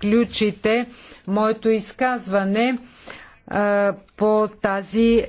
включите моето изказване по тази